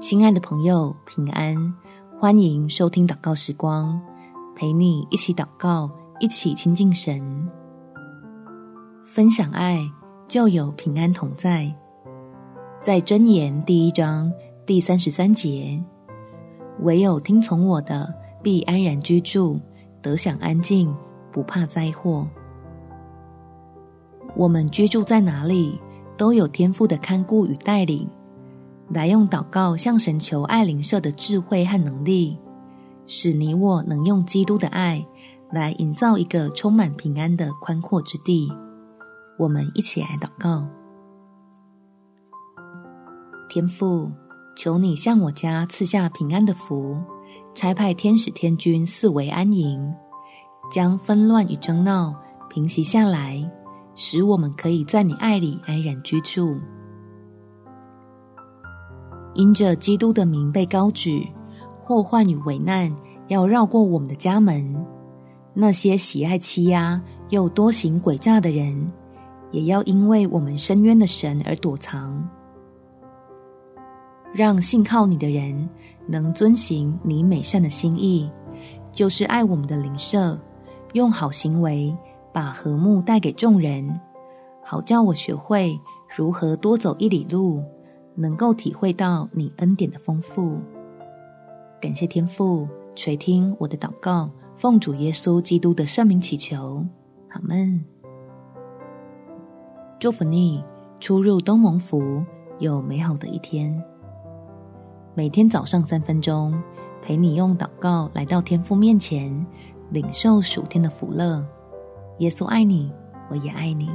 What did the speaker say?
親愛的朋友，平安！歡迎收聽禱告時光，陪你一起禱告，一起親近神，分享愛，就有平安同在。在箴言第一章第三十三節，唯有聽從我的，必安然居住，得享安靜，不怕災禍。我們居住在哪裡，都有天父的看顧與帶領。來用禱告向神求愛鄰舍的智慧和能力，使你我能用基督的愛來營造一個充滿平安的寬闊之地。我們一起來禱告：天父，求你向我家賜下平安的福，差派天使天軍四圍安營，將紛亂與爭鬧平息下來，使我們可以在你愛裡安然居住。因着基督的名被高舉，禍患與危難要繞過我們的家門；那些喜愛欺壓又多行詭詐的人，也要因為我們申冤的神而躲藏。讓信靠你的人能遵行你美善的心意，就是愛我們的鄰舍，用好行為把和睦帶給眾人，好叫我學會如何多走一里路。能夠體會到你恩典的豐富，感謝天父垂聽我的禱告，奉主耶穌基督的聖名祈求，阿門。祝福你出入都蒙福，有美好的一天。每天早上三分鐘，陪你用禱告來到天父面前，領受屬天的福樂。耶穌愛你，我也愛你。